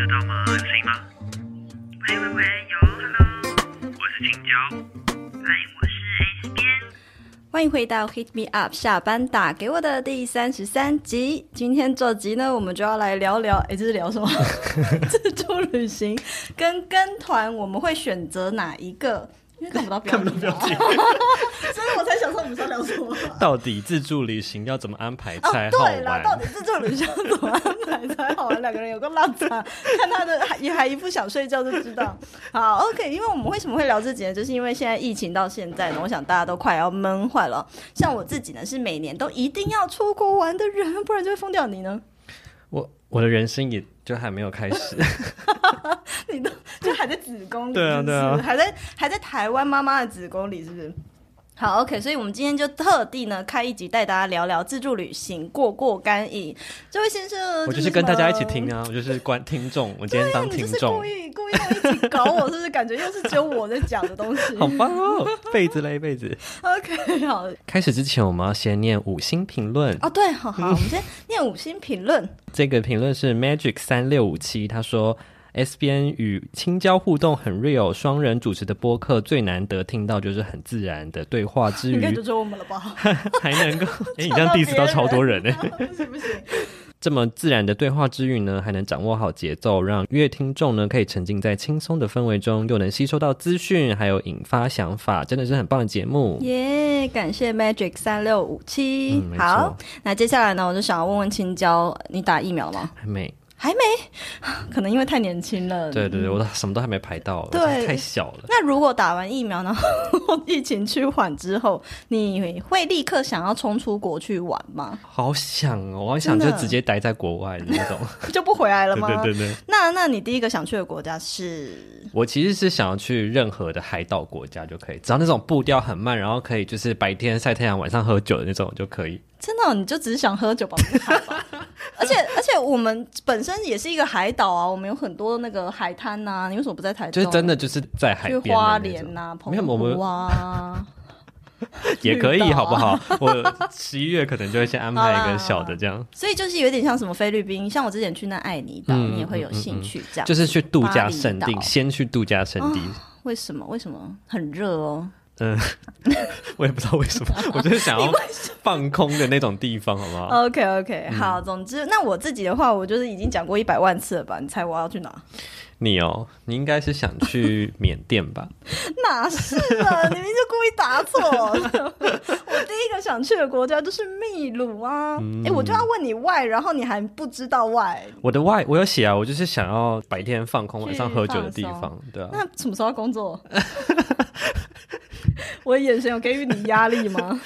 知道嗎？有聲音嗎？喂喂喂，有，Hello，我是青椒，嗨，我是 a，歡迎回到 Hit Me Up 下班打給我的第三十三集。今天這集呢，我們就要來聊聊，哎，這是聊什麼？自助 旅行跟跟團，我們會選擇哪一個？因為看不到表情，所以我才想說你們是要聊什麼。到底自助旅行要怎麼安排才好玩？對啦，到底自助旅行要怎麼安排才好玩啊！兩 個人有個浪子，啊，看他的也還一副想睡覺就知道。好，OK，因為我們為什麼會聊這呢？就是因為現在疫情到現在呢，我想大家都快要悶壞了。像我自己呢，是每年都一定要出國玩的人，不然就會瘋掉。你呢？我我的人生也就還沒有開始， 你都就還在子宮裡，還在還在台灣媽媽的子宮裡，是不是？ 對啊對啊。好，OK，所以我們今天就特地呢開一集，帶大家聊聊自助旅行，過過乾癮。這位先生，我就是跟大家一起聽啊， 我就是觀眾，我今天當聽眾。你就是故意故意一起搞我， 是不是？感覺又是只有我在講的東西。好棒哦，被子嘞，被子。 OK，好。開始之前，我們要先念五星評論啊。對，好好，我們先念五星評論。 這個評論是 Magic 三六五七，他說。SBN 與青椒互動很 real，雙人主持的播客最難得聽到就是很自然的對話之餘，應該就是我們了吧？ 還能夠哎，欸、你這樣 diss 到超多人呢？是、啊、不是？不這麼自然的對話之餘呢，還能掌握好節奏，讓樂聽眾呢可以沉浸在輕鬆的氛圍中，又能吸收到資訊，還有引發想法，真的是很棒的節目。耶，yeah, 感謝 Magic 三六五七。嗯、好，那接下來呢，我就想要問問青椒，你打疫苗嗎？還沒。還沒，可能因為太年輕了。對對對，我都什麼都還沒排到，對，太小了。那如果打完疫苗，然後 疫情趨緩之後，你會立刻想要衝出國去玩嗎？好想哦，我好想就直接待在國外的那種， 就不回來了嗎？對，對對對。那那你第一個想去的國家是？我其實是想要去任何的海島國家就可以，只要那種步調很慢，然後可以就是白天曬太陽，晚上喝酒的那種就可以。真的、哦，你就只是想喝酒吧？不吧 而且，而且我們本身也是一個海島啊，我們有很多那個海灘吶、啊。你為什麼不在台中？就是真的，就是在海邊、啊、去花蓮吶、啊，澎湖哇、啊、 也可以， 好不好？我十一月可能就會先安排一個小的這樣。 啊、所以就是有點像什麼菲律賓，像我之前去那愛妮島，你、嗯嗯嗯、也會有興趣這樣。就是去度假勝地，先去度假勝地、啊。為什麼？為什麼？很熱哦。嗯，我也不知道為什麼， 我就是想要放空的那種地方，好不好 ？OK OK、嗯、好，總之，那我自己的話，我就是已經講過一百萬次了吧？你猜我要去哪？你哦，你應該是想去緬甸吧？ 哪是的，你明明就故意答錯。 我第一個想去的國家就是秘魯啊！哎、嗯，欸，我就要問你 why，然後你還不知道 why？我的 why，我有寫啊，我就是想要白天放空，晚上喝酒的地方，對吧、啊？那什麼時候要工作？ 我的眼神有給予你壓力嗎？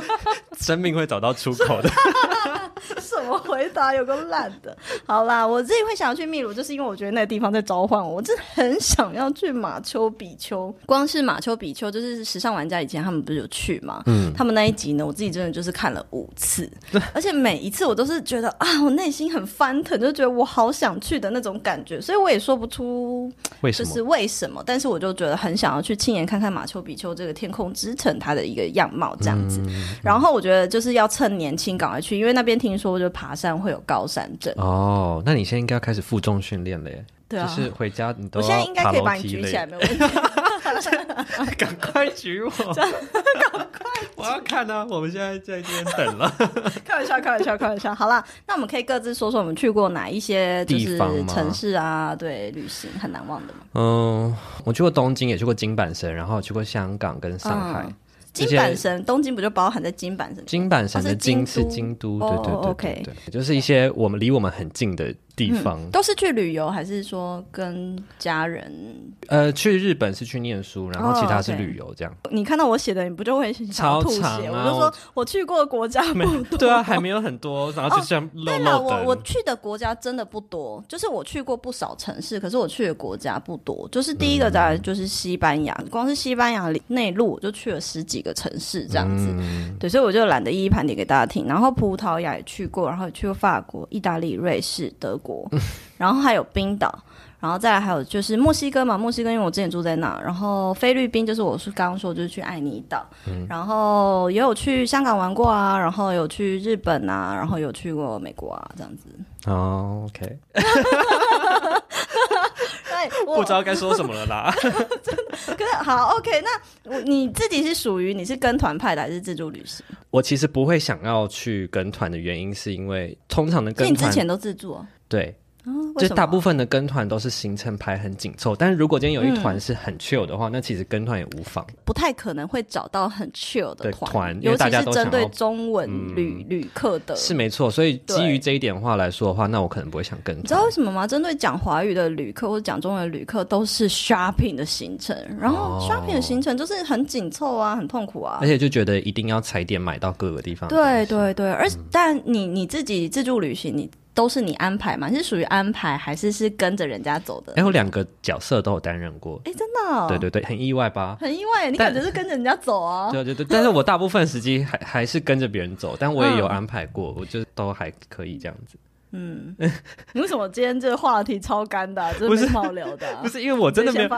生命會找到出口的。 什麼回答？有夠爛的。好啦，我自己會想要去秘魯，就是因為我覺得那個地方在召喚我。我真的很想要去馬丘比丘。光是馬丘比丘，就是時尚玩家以前他們不是有去嗎？嗯。他們那一集呢，我自己真的就是看了五次，而且每一次我都是覺得啊，我內心很翻騰，就覺得我好想去的那種感覺。所以我也說不出為什麼，就是為什麼。什麼？但是我就覺得很想要去親眼看看馬丘比丘這個。天空之城，他的一個樣貌這樣子，嗯嗯、然後我覺得就是要趁年輕趕快去，因為那邊聽說就爬山會有高山症哦。那你現在應該要開始負重訓練了耶，對啊、就是回家你都我現在應該可以把你舉起來， 沒問題。 趕 快娶舉我！ 快舉！ 我要看呢、啊，我們現在在這邊等了。開玩笑，開玩笑，開玩笑。好了，那我們可以各自說說我們去過哪一些就是城市啊，對，旅行很難忘的嗎？嗯，我去過東京，也去過京阪神，然後去過香港跟上海。嗯、京阪神，且東京不就包含在京阪神？京阪神的京、啊、是,京是京都，對對對,對,對、哦、，OK。對，就是一些我們、嗯、離我們很近的。地方都是去旅遊，還是說跟家人？呃，去日本是去念書，然後其他是旅遊這樣。你看到我寫的，你不就會想吐血？我就說我去過的國家不多。對啊，還沒有很多。然後就像對了，我我去的國家真的不多，就是我去過不少城市，可是我去的國家不多。就是第一個大概就是西班牙，光是西班牙內陸就去了十幾個城市這樣子。對，所以我就懶得一一盤點給大家聽。然後葡萄牙也去過，然後也去過法國、意大利、瑞士、德國。 然後還有冰島，然後再來還有就是墨西哥嘛，墨西哥因為我之前住在那，然後菲律賓就是我是剛剛說就是去愛尼島，嗯、然後也有去香港玩過啊，然後有去日本啊，然後有去過美國啊這樣子。哦，OK，我不 知道該說什麼了啦， 真的，可是好 OK，那你自己是屬於你是跟團派的還是自助旅行？我其實不會想要去跟團的原因是因為通常的跟團你之前都自助、啊。對，啊、就大部分的跟團都是行程排很緊湊，但是如果今天有一團是很 chill 的話，嗯、那其實跟團也無妨。不太可能會找到很 chill 的團，尤其是針對中文旅旅客的，嗯、是沒錯。所以基於這一點話來說的話，對、那我可能不會想跟。你知道為什麼嗎？針對講華語的旅客或講中文的旅客，都是 shopping 的行程，然後 shopping 的行程就是很緊湊啊，哦、很痛苦啊，而且就覺得一定要踩點買到各個地方對。對對對，而、嗯、但你你自己自助旅行，你。都是你安排嘛？你是屬於安排還是是跟着人家走的？哎，我兩個角色都有擔任過，哎，真的，對對對，很意外吧？很意外，你感覺是跟着人家走啊？對對對，但是我大部分時機還還是跟着別人走，但我也有安排過，我覺得都還可以這樣子。嗯，你為什麼今天這個話題超乾的？這不是好聊的？不是因為我真的沒有，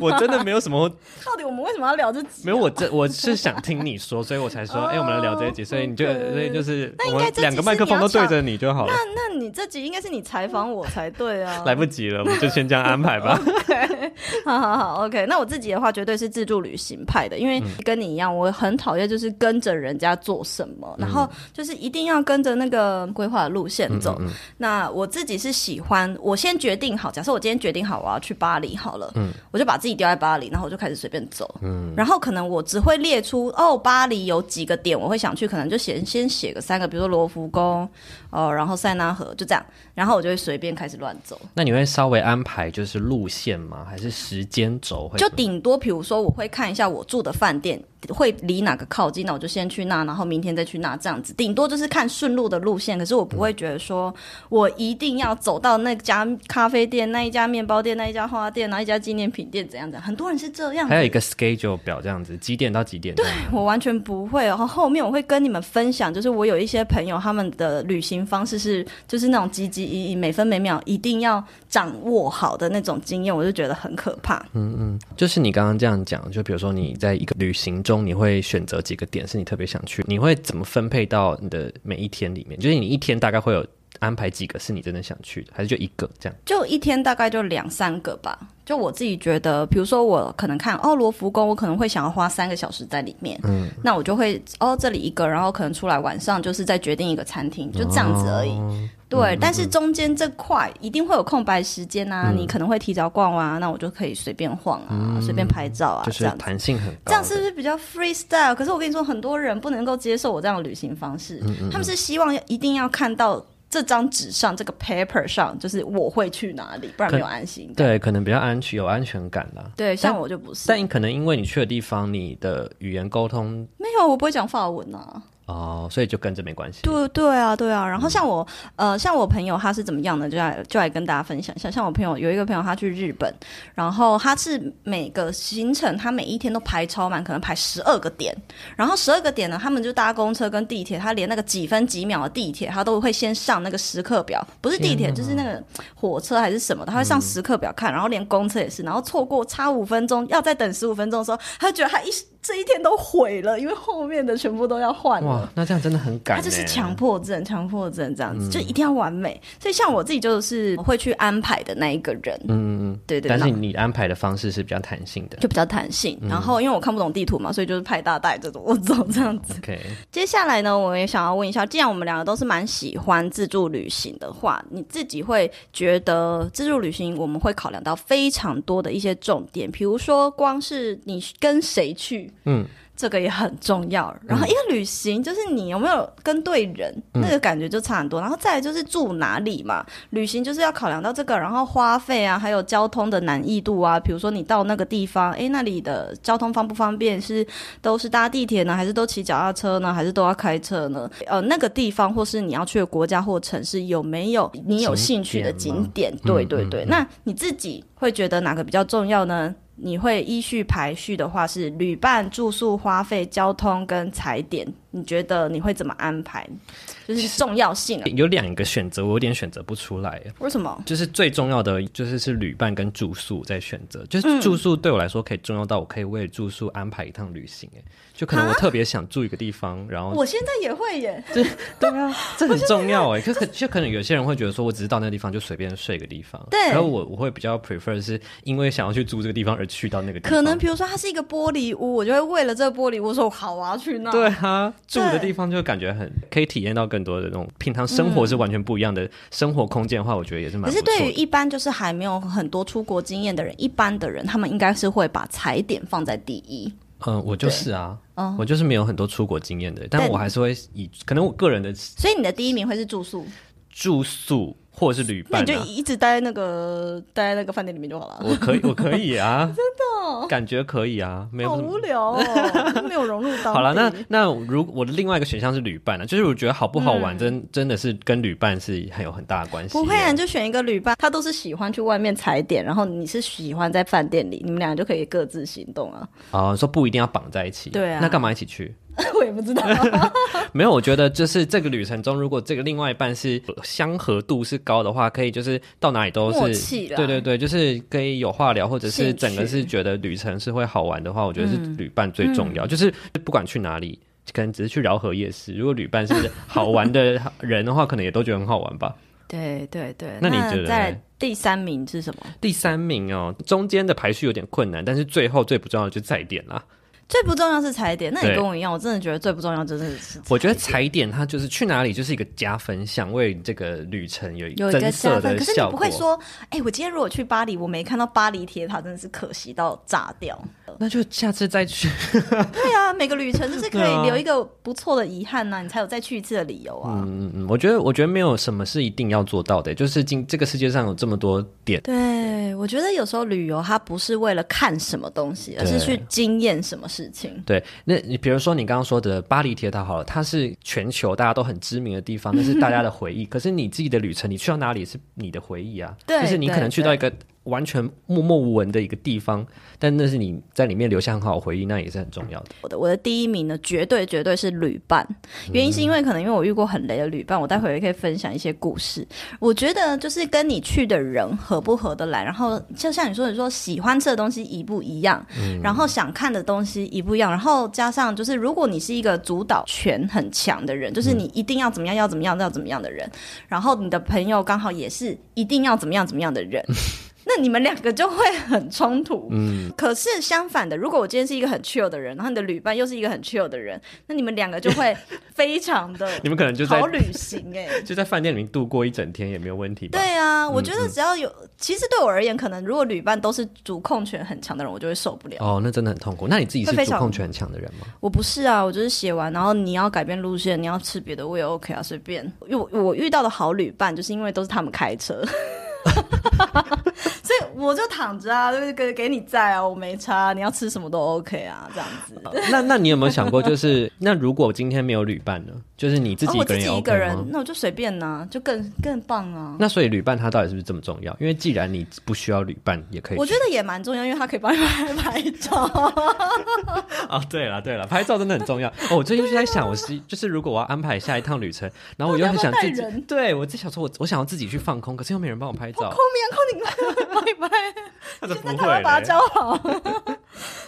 我真的沒有什麼。到底我們為什麼要聊這？沒有，我真我是想聽你說，所以我才說，哎，我們來聊這一集，所以你就所以就是，那應該兩個麥克風都對着你就好了。那那。你這集應該是你採訪我才對啊， 來不及了，我就先這樣安排吧。 okay, 好好好，OK。那我自己的話，絕對是自助旅行派的，因為跟你一樣，我很討厭就是跟着人家做什麼，嗯、然後就是一定要跟着那個規劃的路線走。嗯嗯嗯，那我自己是喜歡我先決定好，假設我今天決定好我要去巴黎好了，嗯，我就把自己丟在巴黎，然後我就開始隨便走，嗯，然後可能我只會列出哦，巴黎有幾個點我會想去，可能就寫先寫個三個，比如說羅浮宮，哦、呃，然後塞納河。就這樣，然後我就會隨便開始亂走。那你會稍微安排就是路線嗎？還是時間軸？就頂多比如說，我會看一下我住的飯店。會離哪個靠近，那我就先去那，然後明天再去那，這樣子，頂多就是看順路的路線。可是我不會覺得說我一定要走到那家咖啡店、那一家麵包店、那一家花店，那一家紀念品店，怎樣子？很多人是這樣。還有一個 schedule 表，這樣子幾點到幾點？對，我完全不會哦。然後後面我會跟你們分享，就是我有一些朋友，他們的旅行方式是，就是那種積極意義，每分每秒一定要掌握好的那種經驗，我就覺得很可怕。嗯嗯，就是你剛剛這樣講，就比如說你在一個旅行。中你會選擇幾個點是你特別想去，你會怎麼分配到你的每一天裡面？就是你一天大概會有？安排幾個是你真的想去的，還是就一個這樣？就一天大概就兩三個吧。就我自己覺得，比如說我可能看哦羅浮宮，我可能會想要花三個小時在裡面。嗯，那我就會哦，這裡一個，然後可能出來晚上就是再決定一個餐廳，就這樣子而已。哦、對，嗯嗯嗯，但是中間這塊一定會有空白時間啊，嗯、你可能會提早逛完、啊，那我就可以隨便晃啊，隨、嗯嗯、便拍照啊，這樣彈性很高。這樣是不是比較 freestyle？可是我跟你說，很多人不能夠接受我這樣的旅行方式，嗯嗯嗯，他們是希望一定要看到。這張紙上，這個 paper 上，就是我會去哪裡，不然沒有安心。對，可能比較安全，有安全感啦。對，像但我就不是。但你可能因為你去的地方，你的語言溝通沒有，我不會講法文啊。哦，oh, 所以就跟這沒關係。對對啊，對啊。嗯、然後像我，呃，像我朋友他是怎麼樣的？就來就來跟大家分享一下。像我朋友有一個朋友，他去日本，然後他是每個行程，他每一天都排超滿，可能排十二個點。然後十二個點呢，他們就搭公車跟地鐵，他連那個幾分幾秒的地鐵，他都會先上那個時刻表，不是地鐵哪就是那個火車還是什麼的，他會上時刻表看，嗯、然後連公車也是，然後錯過差五分鐘要再等十五分鐘的時候，他就覺得他一。這一天都毀了，因為後面的全部都要換。哇，那這樣真的很趕欸。他就是強迫症，強迫症這樣子，嗯、就一定要完美。所以像我自己就是會去安排的那一個人。嗯嗯，對對對。但是你安排的方式是比較彈性的，就比較彈性。嗯、然後因為我看不懂地圖嘛，所以就是拍大帶怎麼走這樣子。Okay 接下來呢，我也想要問一下，既然我們兩個都是蠻喜歡自助旅行的話，你自己會覺得自助旅行我們會考量到非常多的一些重點，比如說光是你跟誰去。嗯，這個也很重要。然後因為旅行，就是你有沒有跟對人，嗯、那個感覺就差很多。然後再來就是住哪裡嘛，旅行就是要考量到這個。然後花費啊，還有交通的難易度啊，比如說你到那個地方，哎、欸，那裡的交通方不方便？是都是搭地鐵呢，還是都騎腳踏車呢，還是都要開車呢？呃，那個地方或是你要去的國家或城市有沒有你有興趣的景點？景點對對對，嗯嗯嗯，那你自己會覺得哪個比較重要呢？你會依序排序的話，是旅伴、住宿、花費、交通跟踩點。你覺得你會怎麼安排？就是重要性，有兩個選擇，我有點選擇不出來。為什麼？就是最重要的就是是旅伴跟住宿在選擇，就是住宿對我來說可以重要到我可以為住宿安排一趟旅行，哎，就可能我特別想住一個地方，蛤然後我現在也會耶，對，啊， 這很重要哎，就是、就可就可能有些人會覺得說我只是到那個地方就隨便睡一個地方，對，然後我我會比較 prefer 是因為想要去住這個地方而去到那個地方，可能比如說它是一個玻璃屋，我就會為了這個玻璃屋說好啊去那，對啊。對住的地方就感覺很可以體驗到更多的那種平常生活是完全不一樣的、嗯、生活空間的話，我覺得也是蠻的。可是對於一般就是還沒有很多出國經驗的人，一般的人他們應該是會把踩點放在第一。嗯，我就是啊，嗯、我就是沒有很多出國經驗的，但我還是會以，對可能我個人的。所以你的第一名會是住宿。住宿。或者是旅伴、啊，那你就一直待在那個待在那個飯店裡面就好了。我可以，我可以啊， 真的、哦、感覺可以啊，沒有。好無聊、哦， 沒有融入到。好了，那那如我，我的另外一個選項是旅伴呢、啊，就是我覺得好不好玩真，真、嗯、真的是跟旅伴是很有很大的關係。不會啊，你就選一個旅伴，他都是喜歡去外面踩點，然後你是喜歡在飯店裡，你們兩個就可以各自行動啊。哦，你說不一定要綁在一起，對啊，那幹嘛一起去？我也不知道 沒有。我覺得就是這個旅程中，如果這個另外一半是相合度是高的話，可以就是到哪裡都是默契啦。對對對，就是可以有話聊，或者是整個是覺得旅程是會好玩的話，趣我覺得是旅伴最重要。嗯、就是不管去哪裡，可能只是去饒河夜市，如果旅伴是好玩的人的話， 可能也都覺得很好玩吧。對對對，那你覺得在第三名是什麼？第三名哦，中間的排序有點困難，但是最後最不重要的就是在點啦。最不重要是踩點，那你跟我一樣，對我真的覺得最不重要真的是就是。我覺得踩點，它就是去哪裡就是一個加分，項，為這個旅程有,的有一個加分。可是你不會說，哎、欸，我今天如果去巴黎，我沒看到巴黎鐵塔，真的是可惜到炸掉。那就下次再去。 對啊，每個旅程就是可以留一個不錯的遺憾吶、啊，啊、你才有再去一次的理由啊。嗯嗯嗯，我覺得，我覺得沒有什麼是一定要做到的，就是今這個世界上有這麼多點。對，我覺得有時候旅遊它不是為了看什麼東西，而是去經驗什麼事。事情對，那你比如說你剛剛說的巴黎鐵塔好了，它是全球大家都很知名的地方，那是大家的回憶。 可是你自己的旅程，你去到哪裡是你的回憶啊？ 就是你可能去到一個對對對。完全默默無聞的一個地方，但那是你在裡面留下很好的回憶，那也是很重要的。我的我的第一名呢，絕對絕對是旅伴，嗯、原因是因為可能因為我遇過很雷的旅伴，我待會也可以分享一些故事。我覺得就是跟你去的人合不合得來，然後就像你說，你說喜歡吃的東西一不一樣，嗯、然後想看的東西一不一樣，然後加上就是如果你是一個主導權很強的人，就是你一定要怎麼樣，要怎麼樣，要怎麼樣的人，嗯、然後你的朋友剛好也是一定要怎麼樣怎麼樣的人。 那你們兩個就會很衝突。嗯，可是相反的，如果我今天是一個很 chill 的人，然後你的旅伴又是一個很 chill 的人，那你們兩個就會非常的 你們可能就是好旅行哎，就在飯店裡面度過一整天也沒有問題。對啊，我覺得只要有嗯嗯其實對我而言，可能如果旅伴都是主控權很強的人，我就會受不了。哦，那真的很痛苦。那你自己是主控權很強的人嗎？我不是啊，我就是寫完，然後你要改變路線，你要吃別的我也 OK 啊，隨便。我我遇到的好旅伴就是因為都是他們開車。 所以我就躺着啊，就是給給你在啊，我沒差，你要吃什麼都 OK 啊，這樣子。那那你有沒有想過，就是那如果今天沒有旅伴呢？就是你，自己，你、OK 哦、自己一個人，那我就隨便呢，就更更棒啊。那所以旅伴他到底是不是這麼重要？因為既然你不需要旅伴，也可以。我覺得也蠻重要，因為他可以幫你拍拍照。 哦，對了對了，拍照真的很重要。哦，我最近就在想，我是 就是如果我要安排下一趟旅程，然後我又很想自己，就要要人對，我在想說我，我我想要自己去放空，可是又沒人幫我拍。好摳門，摳你媽！拜拜！現在他會把他教好，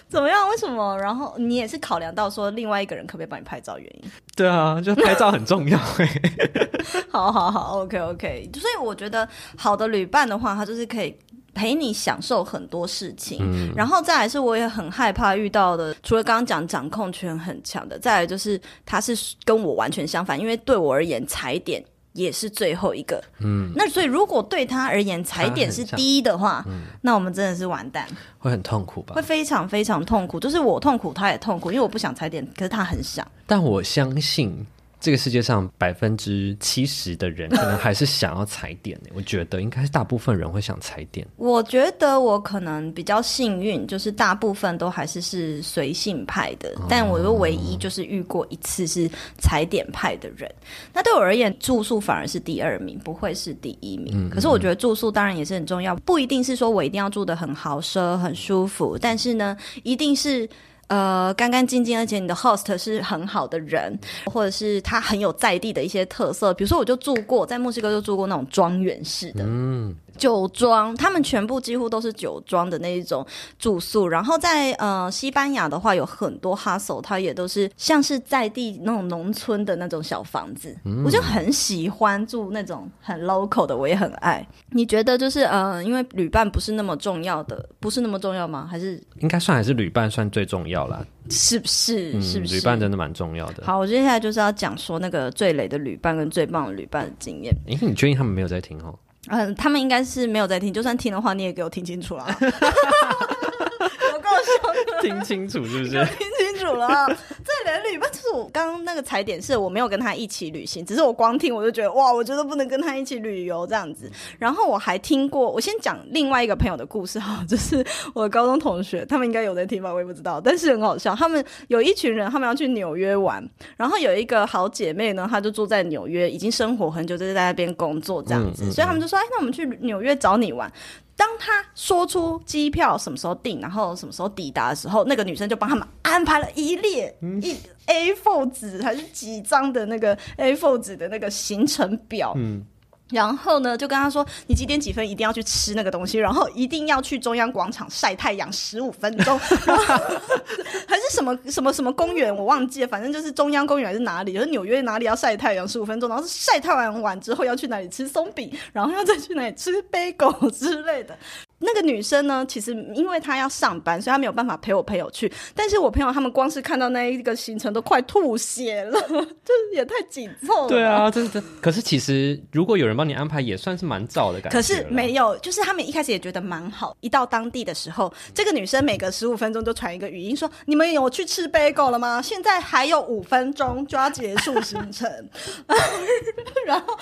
怎麼樣？為什麼？然後你也是考量到說，另外一個人可不可以幫你拍照？原因？對啊，就拍照很重要欸。 好好好，OK OK。所以我覺得好的旅伴的話，他就是可以陪你享受很多事情。嗯，然後再來是，我也很害怕遇到的，除了剛剛講掌控權很強的，再來就是他是跟我完全相反，因為對我而言，踩點。也是最後一個，嗯，那所以如果對他而言踩點是第一的話，嗯，那我們真的是完蛋，會很痛苦吧？會非常非常痛苦，就是我痛苦，他也痛苦，因為我不想踩點，可是他很想。但我相信。這個世界上百分之七十的人可能還是想要踩點，欸， 我覺得應該是大部分人會想踩點。我覺得我可能比較幸運，就是大部分都還是是隨性派的，但我又唯一就是遇過一次是踩點派的人。哦。那對我而言，住宿反而是第二名，不會是第一名。嗯嗯嗯，可是我覺得住宿當然也是很重要，不一定是說我一定要住的很豪奢、很舒服，但是呢，一定是。呃，乾乾淨淨，而且你的 host 是很好的人，或者是他很有在地的一些特色，比如說我就住過，在墨西哥就住過那種莊園式的。嗯酒莊，他們全部幾乎都是酒莊的那一種住宿。然後在呃西班牙的話，有很多哈手，它也都是像是在地那種農村的那種小房子。嗯、我就很喜歡住那種很 local 的，我也很愛。你覺得就是呃，因為旅伴不是那麼重要的，不是那麼重要嗎？還是應該算還是旅伴算最重要啦？是不是？是不是？旅伴真的蠻重要的。好，我接下來就是要講說那個最雷的旅伴跟最棒的旅伴的經驗。哎、欸，你確定他們沒有在聽哈、哦？嗯，他們應該是沒有在聽，就算聽的話，你也給我聽清楚了。我告訴你，聽清楚是不是？ 了、喔，再連旅吧。就是我剛剛那個踩點是，我沒有跟他一起旅行，只是我光聽我就覺得哇，我覺得不能跟他一起旅遊這樣子。然後我還聽過，我先講另外一個朋友的故事哈，就是我的高中同學，他們應該有人聽吧，我也不知道。但是很好笑，他們有一群人，他們要去紐約玩，然後有一個好姐妹呢，她就住在紐約，已經生活很久，就是在那邊工作這樣子，嗯嗯嗯。所以他們就說，哎，那我們去紐約找你玩。當他說出機票什麼時候訂，然後什麼時候抵達的時候，那個女生就幫他們安排了一列一，嗯、一 A four 紙，還是幾張的那個 A four 紙的那個行程表。嗯然後呢，就跟他說，你幾點幾分一定要去吃那個東西，然後一定要去中央廣場曬太陽十五分鐘， 還是什麼什麼什麼公園，我忘記了，反正就是中央公園還是哪裡，就是紐約哪裡要曬太陽十五分鐘，然後曬太陽完之後要去哪裡吃鬆餅，然後要再去哪裡吃貝果之類的。那個女生呢，其實因為她要上班，所以她沒有辦法陪我朋友去。但是我朋友他們光是看到那一個行程都快吐血了，呵呵，就是也太緊湊了。對啊，真的。可是其實如果有人幫你安排，也算是蠻早的感覺。可是沒有，就是他們一開始也覺得蠻好。一到當地的時候，這個女生每隔十五分鐘就傳一個語音說：“嗯、你們有去吃 bagel 了嗎？”現在還有五分鐘就要結束行程， 然後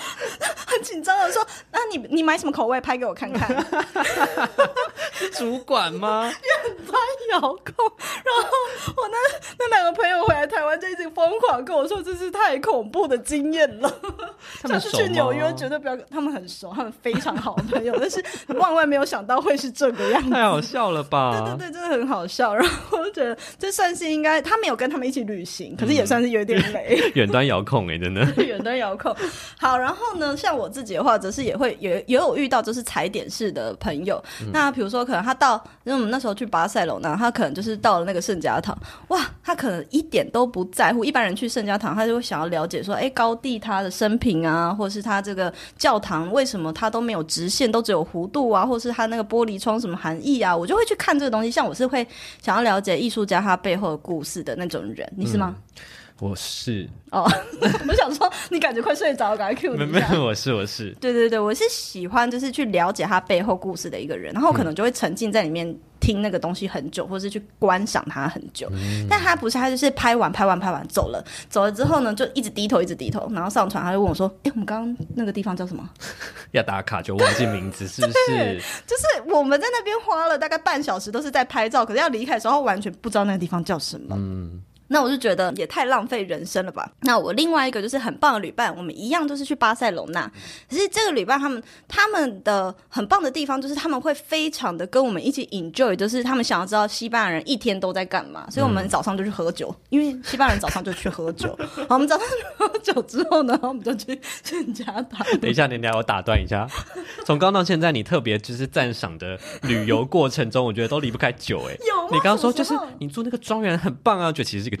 很緊張的說：“那、啊、你你買什麼口味？拍給我看看。” 主管嗎？遠端遙控，然後我那那兩個朋友回來台灣就已經瘋狂跟我說，這是太恐怖的經驗了。他們是去紐約，絕對不要他們很熟，他們非常好的朋友， 但是萬萬沒有想到會是這個樣子，太好笑了吧？對對對，真的很好笑。然後我覺得這算是應該，他沒有跟他們一起旅行，可是也算是有點雷。遠、嗯、 端遙控哎、欸，真的，遠 端遙控。好，然後呢，像我自己的話，則是也會也也有，有遇到，就是踩點式的朋友。那比如說，可能他到因為我們那時候去巴塞羅那，他可能就是到了那個聖家堂，哇，他可能一點都不在乎。一般人去聖家堂，他就會想要了解說，哎、欸，高迪他的生平啊，或者是他這個教堂為什麼他都沒有直線，都只有弧度啊，或是他那個玻璃窗什麼含義啊，我就會去看這個東西。像我是會想要了解藝術家他背後的故事的那種人，你是嗎？嗯我是哦， 我想說你感覺快睡着了，趕快 Q。沒有，我是我是，對對對，我是喜歡就是去了解他背後故事的一個人，然後可能就會沉浸在裡面聽那個東西很久，或是去觀賞他很久。嗯、但他不是，他就是拍完拍完拍完走了，走了之後呢，就一直低頭一直低頭，然後上傳，他就問我說：“哎、欸，我們剛剛那個地方叫什麼？” 要打卡就忘記名字， 是不是？就是我們在那邊花了大概半小時都是在拍照，可是要離開的時候完全不知道那個地方叫什麼。嗯。那我就覺得也太浪費人生了吧。那我另外一個就是很棒的旅伴，我們一樣都是去巴塞羅那。可是這個旅伴他們他們的很棒的地方就是他們會非常的跟我們一起 enjoy，就是他們想要知道西班牙人一天都在幹嘛。所以我們早上就去喝酒，嗯、因為西班牙人早上就去喝酒。 好，我們早上喝酒之後呢，我們就去聖家堂。等一下，你等下我打斷一下。從剛到現在，你特別就是讚賞的旅遊過程中， 我覺得都離不開酒、欸。哎，有嗎？你剛剛說就是你住那個莊園很棒啊，覺得 其實是一個。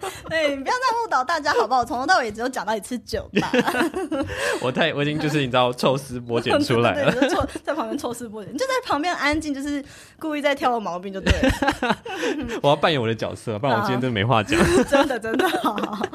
對、欸，你不要再誤導大家好不好？我從頭到尾也只有講到一次酒吧。 我太我已經就是你知道，抽絲剝繭出來了。錯 在旁邊抽絲剝繭， 你就在旁邊安靜，就是故意在挑我毛病就對了。 我要扮演我的角色，不然我今天真的沒話講。 真的真的。好，好，好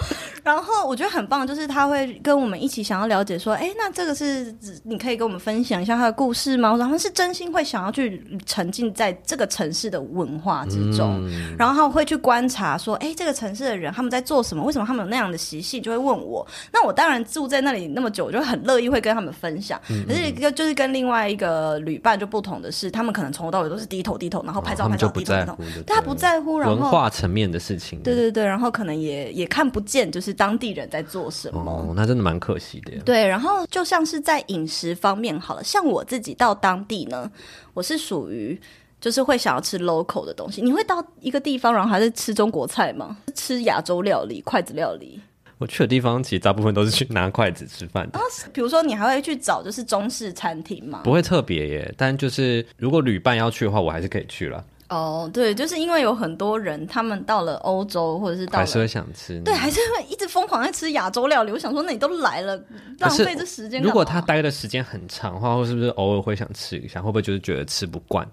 然後我覺得很棒，就是他會跟我們一起想要了解說，哎、欸，那這個是你可以跟我們分享一下他的故事嗎？然後是真心會想要去沉浸在這個城市的文化之中，嗯、然後他會去觀察說，哎、欸，這個城市的人他們。他們在做什麼？為什麼他們有那樣的習性？就會問我。那我當然住在那裡那麼久，我就很樂意會跟他們分享。嗯嗯嗯。可是，就是跟另外一個旅伴就不同的是，他們可能從頭到尾都是低頭低頭，然後拍照拍照，哦、他們就不在乎低頭、低頭對但他不在乎，然後文化層面的事情。對對對，然後可能也也看不見，就是當地人在做什麼。哦，那真的蠻可惜的。對，然後就像是在飲食方面好了，像我自己到當地呢，我是屬於。就是會想要吃 local 的東西。你會到一個地方，然後還是吃中國菜嗎？吃亞洲料理、筷子料理。我去的地方其實大部分都是去拿筷子吃飯的。當時、啊，比如說你還會去找就是中式餐廳嗎？不會特別耶，但就是如果旅伴要去的話，我還是可以去了。哦，oh, 對，就是因為有很多人，他們到了歐洲或者是到了還是會想吃，對，們還是會一直瘋狂在吃亞洲料理。我想說，那你都來了，浪費這時間。是嘛如果他待的時間很長的話，或是不是偶爾會想吃一下？想會不會就是覺得吃不慣？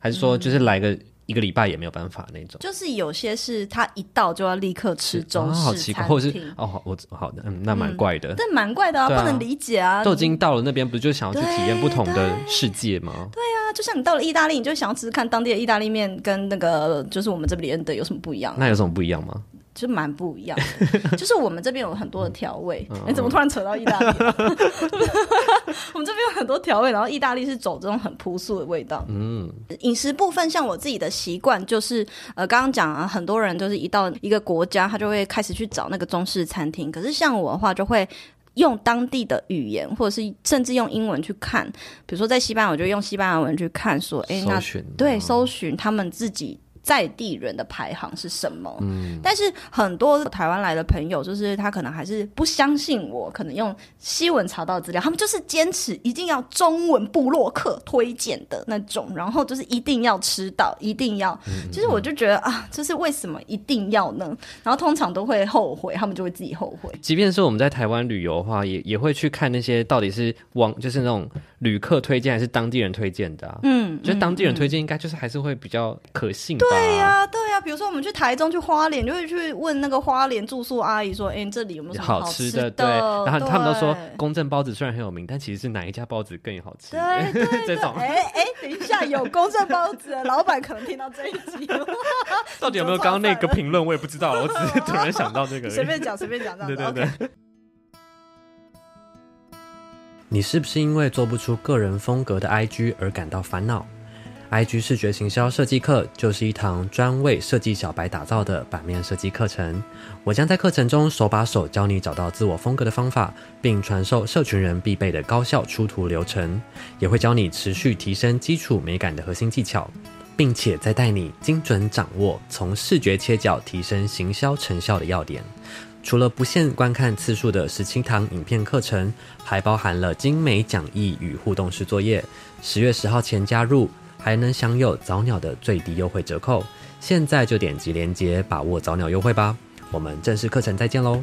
還是說，就是來個一個禮拜也沒有辦法那種、嗯。就是有些是他一到就要立刻吃中式、啊，好奇怪，或是哦，我好的，嗯，那蠻怪的。嗯、但蠻怪的啊，啊不能理解啊。都已經到了那邊，不就想要去體驗不同的世界嗎？對對？對啊，就像你到了意大利，你就想要吃看當地的意大利麵跟那個就是我們這裡的有什麼不一樣？那有什麼不一樣嗎？是蠻不一樣的， 就是我們這邊有很多的調味，你、 欸、怎麼突然扯到意大利？ 我們這邊有很多調味，然後意大利是走這種很樸素的味道。嗯，飲食部分，像我自己的習慣，就是呃，剛剛講啊，很多人就是一到一個國家，他就會開始去找那個中式餐廳。可是像我的話，就會用當地的語言，或者是甚至用英文去看，比如說在西班牙，我就用西班牙文去看，說哎、欸，那搜尋，對，搜尋他們自己。在地人的排行是什麼？嗯，但是很多台灣來的朋友，就是他可能還是不相信我，可能用西文查到資料，他們就是堅持一定要中文部落客推薦的那種，然後就是一定要吃到，一定要。其實、嗯、我就覺得啊，這、就是為什麼一定要呢？然後通常都會後悔，他們就會自己後悔。即便是我們在台灣旅遊的話，也也會去看那些到底是網，就是那種旅客推薦還是當地人推薦的、啊、嗯，就是當地人推薦應該就是還是會比較可信。對。啊、對呀、啊，對呀、啊，比如說我們去台中去花蓮，就會去問那個花蓮住宿阿姨說：“哎，這裡有沒有好吃，好吃的？”對，對，然後他們都說公正包子雖然很有名，但其實是哪一家包子更有好吃對？對對 這種 對。哎哎，等一下，有公正包子的 老闆可能聽到這一集， 到底有沒有剛剛那個評論？我也不知道， 我只是突然想到那個 隨，隨便講隨便講。對對對。Okay. 你是不是因為做不出個人風格的 IG 而感到煩惱？IG 視覺行銷設計課就是一堂專為設計小白打造的版面設計課程。我將在課程中手把手教你找到自我風格的方法，並傳授社群人必備的高效出圖流程，也會教你持續提升基礎美感的核心技巧，並且再帶你精準掌握從視覺切角提升行銷成效的要點。除了不限觀看次數的十七堂影片課程，還包含了精美講義與互動式作業。十月十號前加入。還能享有早鳥的最低優惠折扣，現在就點擊鏈接把握早鳥優惠吧！我們正式課程再見嘍。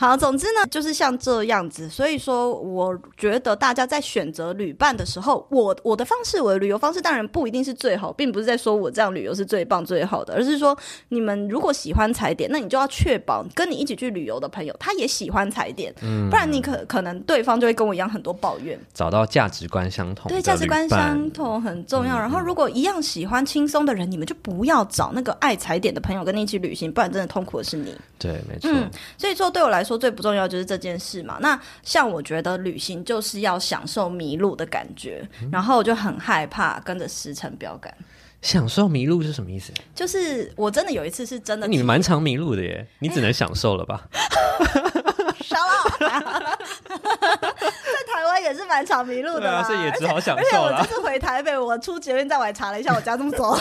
好，總之呢，就是像這樣子，所以說，我覺得大家在選擇旅伴的時候，我我的方式，我的旅遊方式當然不一定是最好，並不是在說我這樣旅遊是最棒最好的，而是說你們如果喜歡踩點，那你就要確保跟你一起去旅遊的朋友他也喜歡踩點，嗯，不然你可可能對方就會跟我一樣很多抱怨。找到價值觀相同，對價值觀相同很重要。嗯嗯然後，如果一樣喜歡輕鬆的人，你們就不要找那個愛踩點的朋友跟你一起旅行，不然真的痛苦的是你。對，沒錯。嗯，所以說對我來說。說最不重要就是這件事嘛。那像我覺得旅行就是要享受迷路的感覺，嗯、然後我就很害怕跟着時程表趕。享受迷路是什麼意思、啊？就是我真的有一次是真的，你蠻常迷路的耶，你只能享受了吧？也是蠻常迷路的啦，所以也只好享受啦。而且我就是回台北，我出捷運站我還查了一下， 我家怎麼走，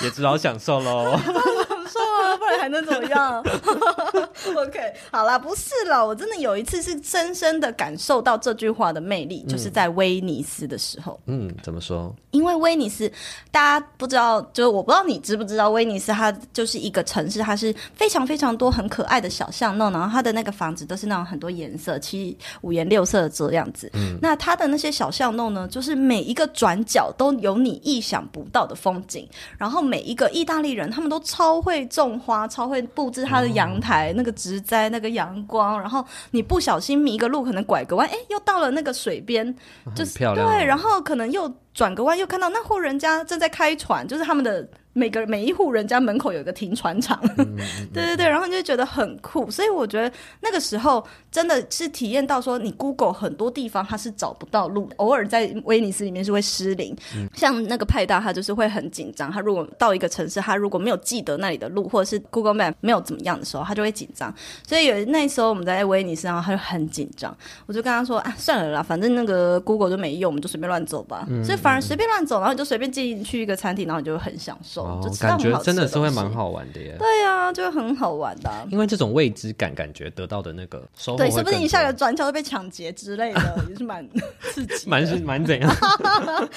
也只好享受嘍。享受 啊，不然還能怎麼樣 ？OK，好了，不是了，我真的有一次是深深的感受到這句話的魅力，嗯、就是在威尼斯的時候。嗯，怎麼說？因為威尼斯，大家不知道，就是我不知道你知不知道，威尼斯它就是一個城市，它是非常非常多很可愛的小巷弄，然後它的那個房子都是那種很多顏色，其實。五顏六色的這樣子，嗯，那他的那些小巷弄呢，就是每一個轉角都有你意想不到的風景。然後每一個意大利人，他們都超會種花，超會布置他的陽台，哦、那個植栽，那個陽光。然後你不小心迷一個路，可能拐個彎，誒、欸，又到了那個水邊，就是、漂亮。對，然後可能又轉個彎，又看到那戶人家正在開船，就是他們的。每個每一戶人家門口有個停船場，嗯、 對對對，然後你就覺得很酷，所以我覺得那個時候真的是體驗到說，你 Google 很多地方它是找不到路，偶爾在威尼斯裡面是會失靈，嗯、像那個派大他就是會很緊張，他如果到一個城市，他如果沒有記得那裡的路，或者是 Google Map 沒有怎麼樣的時候，他就會緊張，所以有那時候我們在威尼斯，然後他就很緊張，我就跟他說啊，算了啦，反正那個 Google 就沒用，我們就隨便亂走吧，嗯、所以反而隨便亂走，然後你就隨便進去一個餐廳，然後你就很享受。感覺真的是會蠻好玩的耶，對呀，就很好玩的。因為這種未知感感覺得到的那個收穫，對，是不是你下一個轉角都被搶劫之類的，也是蠻刺激，蠻是蠻怎樣，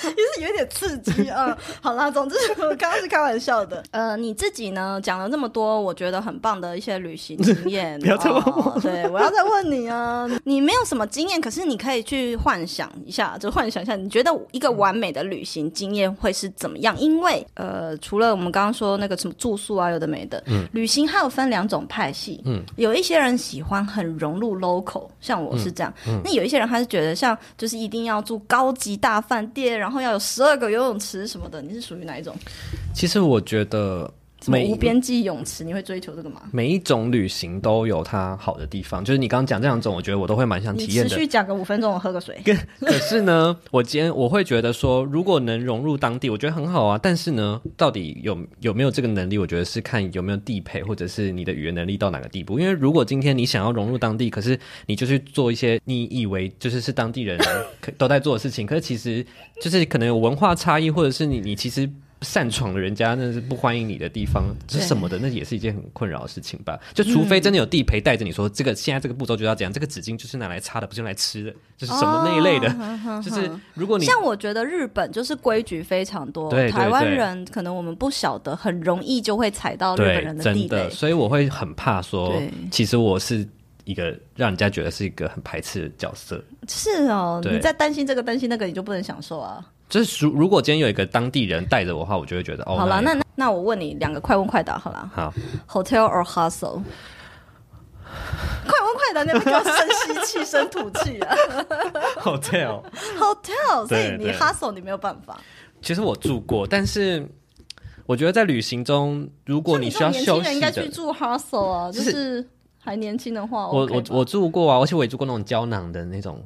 也是有點刺激啊。好啦，總之我剛剛是開玩笑的。呃，你自己呢講了那麼多，我覺得很棒的一些旅行經驗，不要這麼對我要再問你啊。你沒有什麼經驗，可是你可以去幻想一下，就幻想一下，你覺得一個完美的旅行經驗會是怎麼樣？因為呃，除除了我們剛剛說那個什麼住宿啊，有的沒的，嗯，旅行還有分兩種派系，嗯，有一些人喜歡很融入 local，像我是這樣，嗯嗯、那有一些人還是覺得像就是一定要住高級大飯店，然後要有十二個游泳池什麼的。你是屬於哪一種？其實我覺得。什麼無邊際泳池，每你會追求這個嗎？每一種旅行都有它好的地方，就是你剛剛講這兩種，我覺得我都會蠻想體驗的。持續講個五分鐘，我喝個水。可是呢， 我今天我會覺得說，如果能融入當地，我覺得很好啊。但是呢，到底有有沒有這個能力，我覺得是看有沒有地陪，或者是你的語言能力到哪個地步。因為如果今天你想要融入當地，可是你就去做一些你以為就是是當地人都在做的事情， 可是其實就是可能有文化差異，或者是你你其實。擅闖的人家那是不歡迎你的地方，是對什麼的？那也是一件很困擾的事情吧。就除非真的有地陪帶着你說，嗯、這個現在這個步驟就要這樣。這個紙巾就是拿來擦的，不是用來吃的，就是什麼那一類的。哦、就是如果你像我覺得日本就是規矩非常多，對對對台灣人可能我們不曉得，很容易就會踩到日本人的地雷，所以我會很怕說，對其實我是一個讓人家覺得是一個很排斥的角色。是哦，對你在擔心這個擔心那個，你就不能享受啊。就是如如果今天有一個當地人帶着我的話，我就會覺得哦啦。好了，那那我問你兩個快問快答，好了。好。Hotel or hostel？ 快問快答，你要不要深吸氣、深吐氣啊。 Hotel。 Hotel，所以你 hostel 對你沒有辦法。其實我住過，但是我覺得在旅行中，如果你需要休息，年輕人應該去住 hostel 啊，就是。是還年輕的話、OK，我我我住過啊，而且我也住過那種膠囊的那種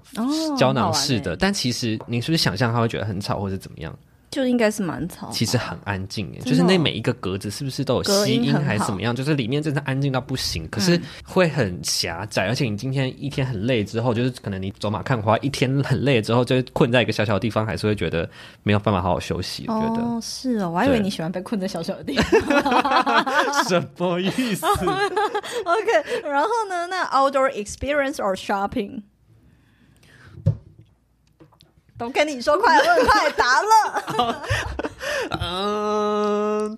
膠囊式的，哦、但其實你是不是想象他會覺得很吵或者怎麼樣？就應該是蠻吵，其實很安靜，就是那每一個格子是不是都有吸音還是怎麼樣？就是裡面真的安靜到不行，可是會很狹窄，嗯、而且你今天一天很累之後，就是可能你走馬看花一天很累之後，就困在一個小小的地方，還是會覺得沒有辦法好好休息。我、哦、覺得是哦，我還以為你喜歡被困在小小的地方， 什麼意思？OK，然後呢？那 Outdoor experience or shopping？我跟你說快問快答了，嗯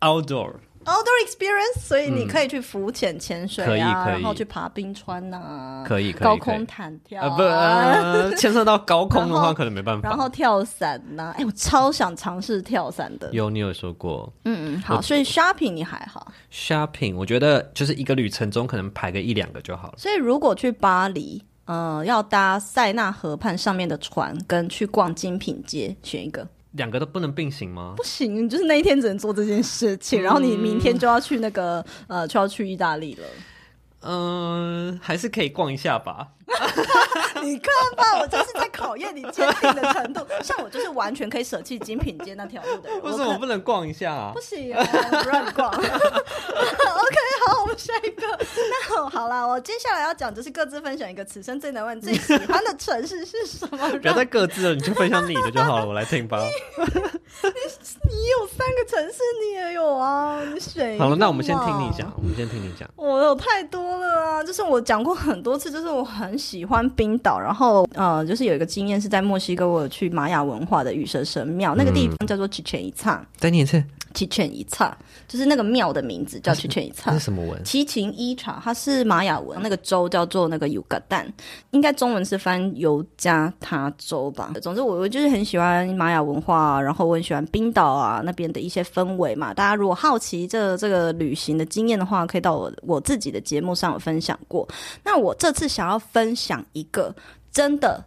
，Outdoor Outdoor Experience，所以你可以去浮潛、潛水啊，嗯、可以，然後去爬冰川吶、啊，可以，高空彈跳啊，uh, 不，uh, 牽涉到高空的話可能沒辦法， 然後，然後跳傘呢、啊，哎、欸，我超想嘗試跳傘的，有，你有說過，嗯嗯，我好，所以 Shopping 你還好，Shopping 我覺得就是一個旅程中可能排個一兩個就好了，所以如果去巴黎。呃，要搭塞納河畔上面的船，跟去逛精品街，選一個，兩個都不能並行嗎？不行，就是那一天只能做這件事情，嗯、然後你明天就要去那個呃，就要去意大利了。嗯、呃，還是可以逛一下吧。 你看吧，我就是在考驗你堅定的程度。像我就是完全可以捨棄精品街那條路的人。為什麼不能逛一下？啊？不行、啊，我不讓你逛。 OK，好，我們下一個。那好，好啦，我接下來要講就是各自分享一個此生最難忘、最喜歡的城市是什麼。 不要再各自了，你就分享你的就好了。我來聽吧。 你你，你有三個城市，你也有啊，你選、啊。好了，那我們先聽你講。我們先聽你講。 我有太多了啊，就是我講過很多次，就是我很。喜歡冰島，然後呃，就是有一個經驗是在墨西哥，我有去瑪雅文化的羽蛇神廟，嗯、那個地方叫做奇琴伊察。再念一次。奇琴伊察，就是那個廟的名字叫奇琴伊察。是什麼文？奇琴伊察，它是瑪雅文，那個州叫做那個尤加丹，應該中文是翻尤加他州吧。總之，我我就是很喜歡瑪雅文化，啊，然後我很喜歡冰島啊，那邊的一些氛圍嘛。大家如果好奇這個，這個旅行的經驗的話，可以到我我自己的節目上有分享過。那我這次想要分享一個真的。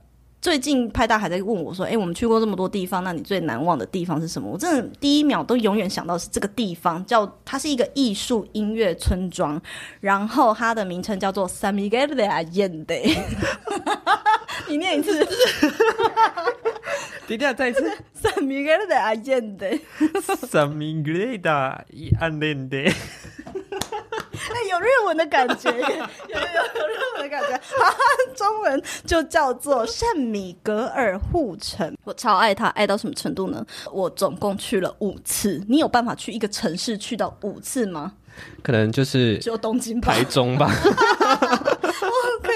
最近派大還在問我說：“哎、欸，我們去過這麼多地方，那你最難忘的地方是什麼？”我真的第一秒都永遠想到是這個地方，叫它是一個藝術音樂村莊，然後它的名稱叫做 San Miguel de Allende。你念一次，弟弟 再念一次 ，San Miguel de Allende，San Miguel de Allende 欸、有日文的感覺，有有有日文的感覺。啊，中文就叫做聖米格爾護城。我超愛它，愛到什麼程度呢？我總共去了五次。你有辦法去一個城市去到五次嗎？可能就是就東京排中吧。我好可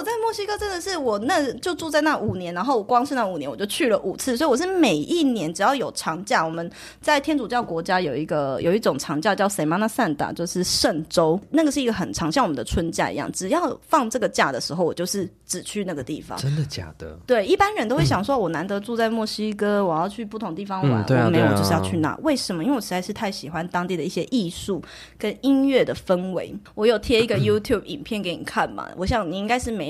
我在墨西哥真的是我那就住在那五年，然後我光是那五年我就去了五次，所以我是每一年只要有長假，我們在天主教國家有一個有一種長假叫 Semana s a n a 就是聖週，那個是一個很長，像我們的春假一樣，只要放這個假的時候，我就是只去那個地方。真的假的？對，一般人都會想說，我難得住在墨西哥，我要去不同地方玩，我、嗯啊啊啊、沒有，我就是要去那。為什麼？因為我實在是太喜歡當地的一些藝術跟音樂的氛圍。我有貼一個 YouTube 影片給你看嘛，我想你應該是每。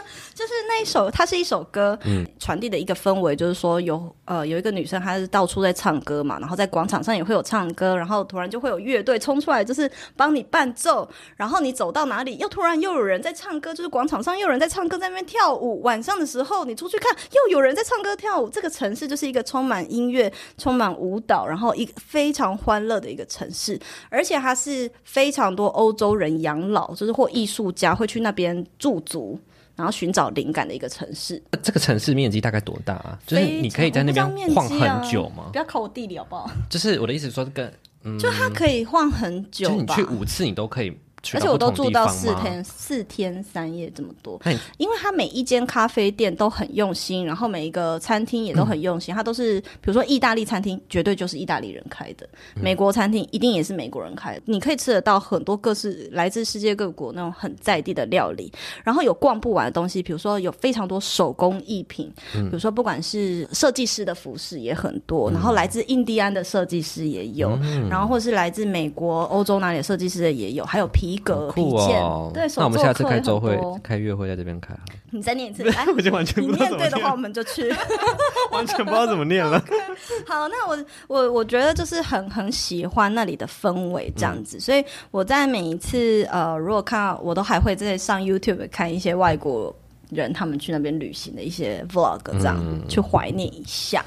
就是那一首，它是一首歌，嗯，傳遞的一個氛圍，就是說有呃有一個女生，她是到處在唱歌嘛，然後在廣場上也會有唱歌，然後突然就會有樂隊衝出來，就是幫你伴奏，然後你走到哪裡，又突然又有人在唱歌，就是廣場上又有人在唱歌，在那邊跳舞。晚上的時候你出去看，又有人在唱歌跳舞，這個城市就是一個充滿音樂、充滿舞蹈，然後一個非常歡樂的一個城市，而且它是非常多歐洲人養老，就是或藝術家會去那邊駐足。然後尋找靈感的一個城市，這個城市面積大概多大啊？就是你可以在那邊晃很久嗎？不，啊、不要考我地理好不好？就是我的意思說是，這、嗯、個就它可以晃很久，就是你去五次你都可以。而且我都住到四天、四天三夜這麼多，嘿因為它每一間咖啡店都很用心，然後每一個餐廳也都很用心。嗯、它都是，比如說意大利餐廳絕對就是意大利人開的，美國餐廳一定也是美國人開的。嗯、你可以吃得到很多各式來自世界各國那種很在地的料理，然後有逛不完的東西，比如說有非常多手工藝品，比、嗯、如說不管是設計師的服飾也很多，嗯、然後來自印第安的設計師也有，嗯、然後或是來自美國、歐洲哪裡的設計師的也有，還有皮。一個酷哦，對，那我們下次開週會、開月會在這邊開。你再念一次，哎，我就完全不知道怎麼念，哎。你念對的話，我們就去。 完全不知道怎麼念了。 Okay, 好，那我我我覺得就是很很喜歡那裡的氛圍這樣子，嗯、所以我在每一次呃，如果看到我都還會在上 YouTube 看一些外國。人他們去那邊旅行的一些 Vlog，這樣，嗯嗯嗯，去懷念一下。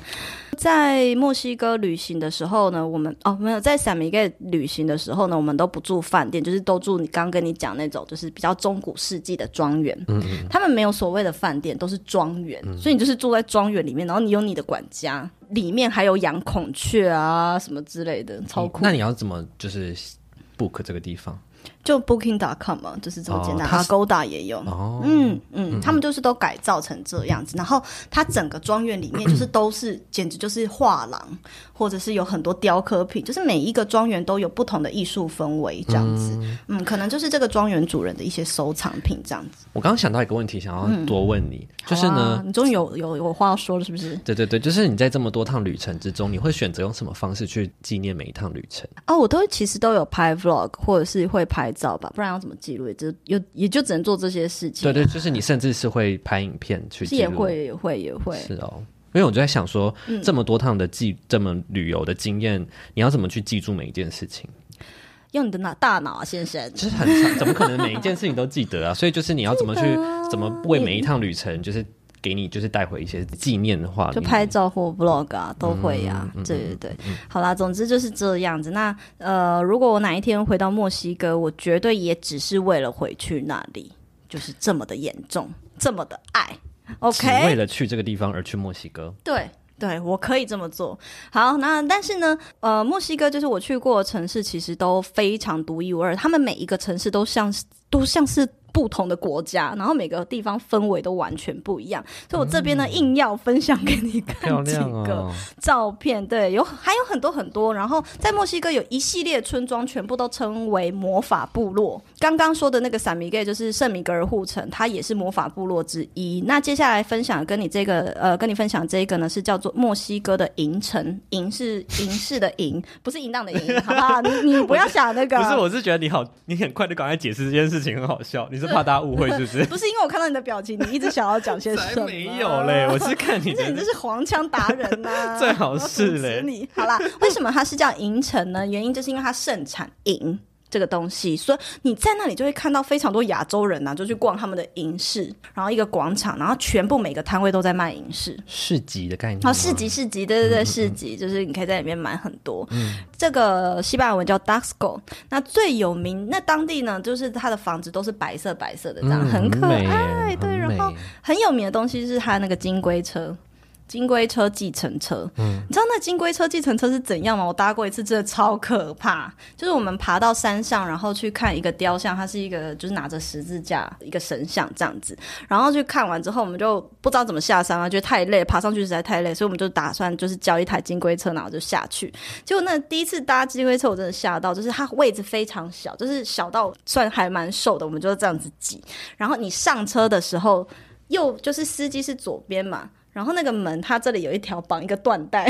在墨西哥旅行的時候呢，我們哦沒有，在聖米格爾旅行的時候呢，我們都不住飯店，就是都住你剛跟你講那種，就是比較中古世紀的莊園。嗯，嗯，他們沒有所謂的飯店，都是莊園，嗯嗯，所以你就是住在莊園裡面，然後你有你的管家，裡面還有養孔雀啊什麼之類的，超酷、嗯。那你要怎麼就是 book 這個地方？就 booking dot com 嘛，就是這麼簡單。它、哦、Agoda 也有。嗯、哦、嗯，嗯嗯他們就是都改造成這樣子，嗯、然後它整個莊園裡面就是都是，咳咳簡直就是畫廊，或者是有很多雕刻品，就是每一個莊園都有不同的藝術氛圍這樣子。嗯，嗯，可能就是這個莊園主人的一些收藏品這樣子。我剛剛想到一個問題，想要多問你，嗯、就是呢、啊，你終於有有有話要說了，是不是？對對對，就是你在這麼多趟旅程之中，你會選擇用什麼方式去紀念每一趟旅程？哦，我都其實都有拍 vlog，或者是會拍。知道吧，不然要怎麼記錄？也就有，也就只能做這些事情、啊。對對，就是你，甚至是會拍影片去記錄，也會也、也會、也會。是哦，因為我就在想說，嗯、這麼多趟的記，這麼旅遊的經驗，你要怎麼去記住每一件事情？用你的腦大腦啊，先生，就是很怎麼可能每一件事情都記得啊？ 所以就是你要怎麼去，啊、怎麼為每一趟旅程，嗯、就是。給你就是帶回一些紀念的話，就拍照或 vlog 啊，都會呀，啊。嗯，對對對，嗯嗯，好啦，總之就是這樣子。那呃，如果我哪一天回到墨西哥，我絕對也只是為了回去那裡，就是這麼的嚴重，這麼的愛。OK，只為了去這個地方而去墨西哥，對對，我可以這麼做。好，那但是呢，呃，墨西哥就是我去過的城市，其實都非常獨一無二，他們每一個城市都像，都像是不同的國家，然後每個地方氛圍都完全不一樣，所以我這邊呢硬要分享給你看幾個照片。對，有還有很多很多。然後在墨西哥有一系列村莊，全部都稱為魔法部落。剛剛說的那個薩米蓋就是聖米格爾護城，它也是魔法部落之一。那接下來分享跟你這個呃，跟你分享這個呢是叫做墨西哥的銀城，銀是銀飾的銀，不是淫蕩的淫，好吧？你你不要想那個。不是，我是覺得你好，你很快的趕快解釋這件事情，很好笑，你 怕大家誤會是不是？ 不是因為我看到你的表情，你一直想要講些什麼？沒有嘞，我是看你，的 你就是、啊，你這是黃腔達人吶，最好是嘞，好啦， 為什麼它是叫銀城呢？原因就是因為它盛產銀。這個東西，所以你在那裡就會看到非常多亞洲人吶、啊，就去逛他們的銀飾，然後一個廣場，然後全部每個攤位都在賣銀飾，市集的概念、啊。好市集市集，對對對，嗯、市集就是你可以在裡面買很多。嗯、這個西班牙文叫 Taxco。那最有名，那當地呢，就是它的房子都是白色白色的，這樣、嗯、很可愛。美對，美然後很有名的東西就是它那個金龜車。金龜車計程車，嗯，你知道那金龜車計程車是怎樣嗎？我搭過一次，真的超可怕。就是我們爬到山上，然後去看一個雕像，它是一個就是拿着十字架一個神像這樣子，然後去看完之後，我們就不知道怎麼下山了啊，覺得太累，爬上去實在太累，所以我們就打算就是叫一台金龜車，然後就下去。結果那第一次搭金龜車，我真的嚇到，就是它位置非常小，就是小到算還蠻瘦的，我們就這樣子擠。然後你上車的時候，又就是司機是左邊嘛。然後那個門，它這裡有一條綁一個緞帶，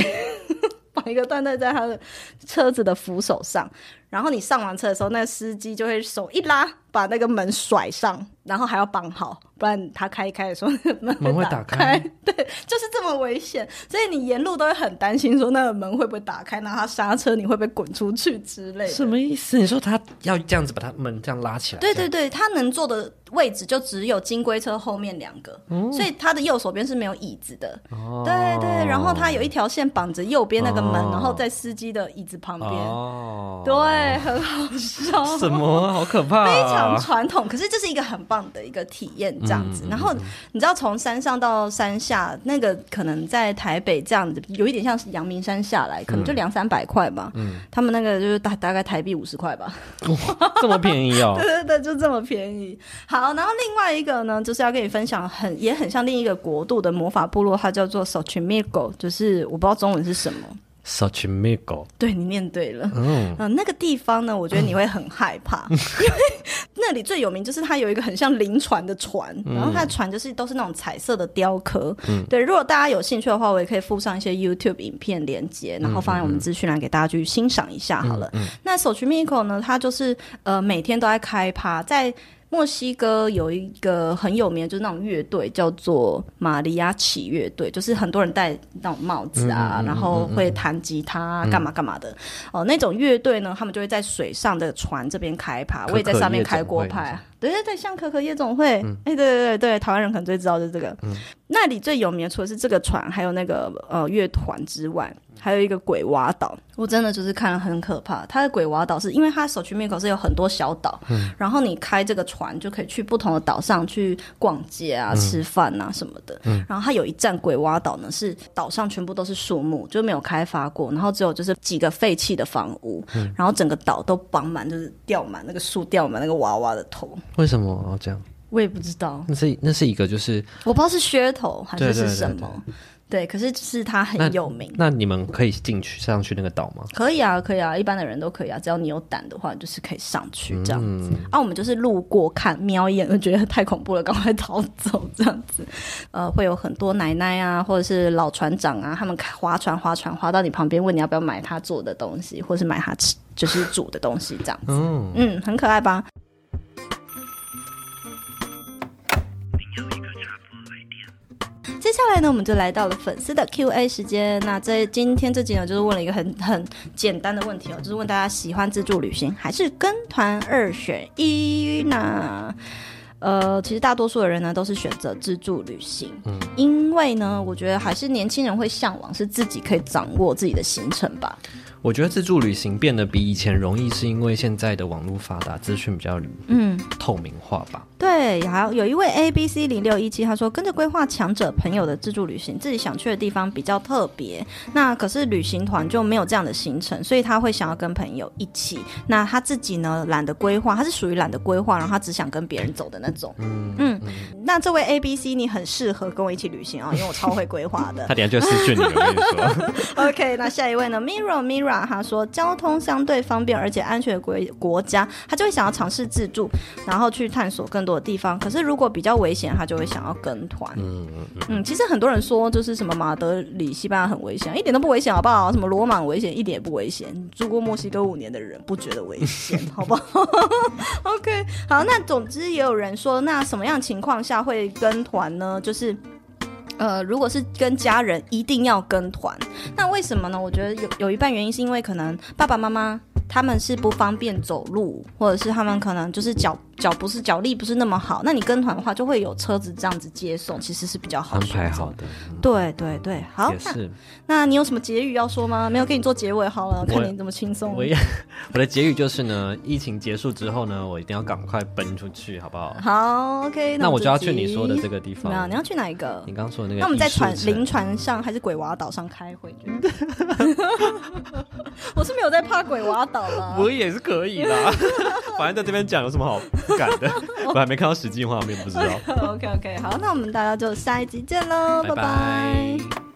綁一個緞帶在它的車子的扶手上。然後你上完車的時候，那司機就會手一拉，把那個門甩上，然後還要綁好，不然他開一開的時候門會打開。 對，就是這麼危險，所以你沿路都會很擔心，說那個門會不會打開，然後他剎車你會不會滾出去之類的。什麼意思？你說他要這樣子把他門這樣拉起來？對對對，這樣？他能坐的位置就只有金龜車後面兩個，嗯、所以他的右手邊是沒有椅子的。哦，對對，然後他有一條線綁着右邊那個門，哦、然後在司機的椅子旁邊。哦，對。對，很好笑。什麼？好可怕、啊！非常傳統，可是這是一個很棒的一個體驗，這樣子。嗯、然後你知道，從山上到山下，嗯、那個可能在台北這樣子，有一點像陽明山下來，嗯、可能就兩三百塊吧。嗯，他們那個就是大大概台幣五十塊吧。哇、哦，這麼便宜哦！ 對對對，就這麼便宜。好，然後另外一個呢，就是要跟你分享很，很也很像另一個國度的魔法部落，它叫做 Xochimilco，就是我不知道中文是什麼。Sochimiko 對，你念對了。嗯、呃，那個地方呢，我覺得你會很害怕，嗯、因為那裡最有名就是它有一個很像臨船的船，嗯、然後它的船就是都是那種彩色的雕刻。嗯，對，如果大家有興趣的話，我也可以附上一些 YouTube 影片連結，然後放在我們資訊欄給大家去欣賞一下好了。 嗯嗯、 那 Sochimiko 呢，它就是呃每天都在開趴在。墨西哥有一個很有名，就是那種樂隊叫做瑪利亞奇樂隊，就是很多人戴那種帽子啊，嗯嗯嗯、然後會彈吉他、啊嗯、幹嘛幹嘛的。哦、呃，那種樂隊呢，他們就會在水上的船這邊開趴，可可夜總會。我也在上面開過趴。對對對，像可可夜總會，哎、嗯，欸、對對對對，台灣人可能最知道就是這個。嗯、那裡最有名的除了是這個船，還有那個呃樂團之外，還有一個鬼娃島。我真的就是看了很可怕。它的鬼娃島是因為它首區面口是有很多小島，嗯、然後你開這個船就可以去不同的島上去逛街啊、嗯、吃飯啊什麼的。嗯嗯、然後它有一站鬼娃島呢，是島上全部都是樹木，就沒有開發過，然後只有就是幾個廢棄的房屋，嗯、然後整個島都綁滿，就是吊滿那個樹吊滿那個娃娃的頭。為什麼、哦、這樣？我也不知道。那是那是一個，就是我不知道是噱頭還是，是什麼。對，對，對，對，對，可是只是它很有名。那，那你們可以進去上去那個島嗎？可以啊，可以啊，一般的人都可以啊，只要你有膽的話，就是可以上去這樣子。嗯、啊，我們就是路過看瞄一眼，就覺得太恐怖了，趕快逃走這樣子。呃，會有很多奶奶啊，或者是老船長啊，他們划船划船划到你旁邊，問你要不要買他做的東西，或是買他吃，就是煮的東西這樣子。嗯，嗯，很可愛吧？後來呢，我們就來到了粉絲的 Q A 時間。那在今天這集呢，就是問了一個很很簡單的問題哦，就是問大家喜歡自助旅行還是跟團二選一呢？那呃，其實大多數的人呢，都是選擇自助旅行，嗯、因為呢，我覺得還是年輕人會向往，是自己可以掌握自己的行程吧。我覺得自助旅行變得比以前容易，是因為現在的網絡發達，資訊比較嗯透明化吧。對，還有一位 ABC 零六一七，他說，跟着規劃強者朋友的自助旅行，自己想去的地方比較特別。那可是旅行團就沒有這樣的行程，所以他會想要跟朋友一起。那他自己呢，懶得規劃，他是屬於懶得規劃，然後他只想跟別人走的那種。嗯嗯，嗯那這位 ABC，你很適合跟我一起旅行啊，因為我超會規劃的。 他等下就私訊你，你 OK，那下一位呢？Miro Miro 他說交通相對方便而且安全的國國家，他就會想要嘗試自助，然後去探索更多的地方。可是如果比較危險，他就會想要跟團。嗯嗯嗯。嗯，嗯，嗯，嗯，其實很多人說就是什麼馬德里、西班牙很危險，一點都不危險，好不好？什麼羅馬危險，一點也不危險。住過墨西哥五年的人不覺得危險， 好不好 ？OK。好，那總之也有人說，那什麼樣情況下會跟團呢？就是。呃，如果是跟家人，一定要跟團。那為什麼呢？我覺得有有一半原因是因為可能爸爸媽媽他們是不方便走路，或者是他們可能就是腳。腳不是腳力不是那麼好，那你跟團的話就會有車子這樣子接送，其實是比較好安排好的。對對對，好。是那那你有什麼結語要說嗎？沒有，給你做結尾好了，我看你怎麼輕鬆。我也我的結語就是呢，疫情結束之後呢，我一定要趕快奔出去，好不好？好，OK 那。那我就要去你說的這個地方。你，沒有，你要去哪一個？你剛說的那個？那我們在船臨船上還是鬼娃島上開會？ 我是沒有在怕鬼娃島嗎，我也是可以啦， 反正在這邊講有什麼好？ 不敢的，我還沒看到實際畫面，不知道。OK OK，, okay 好，那我們大家就下一集見嘍，拜拜 bye。Bye bye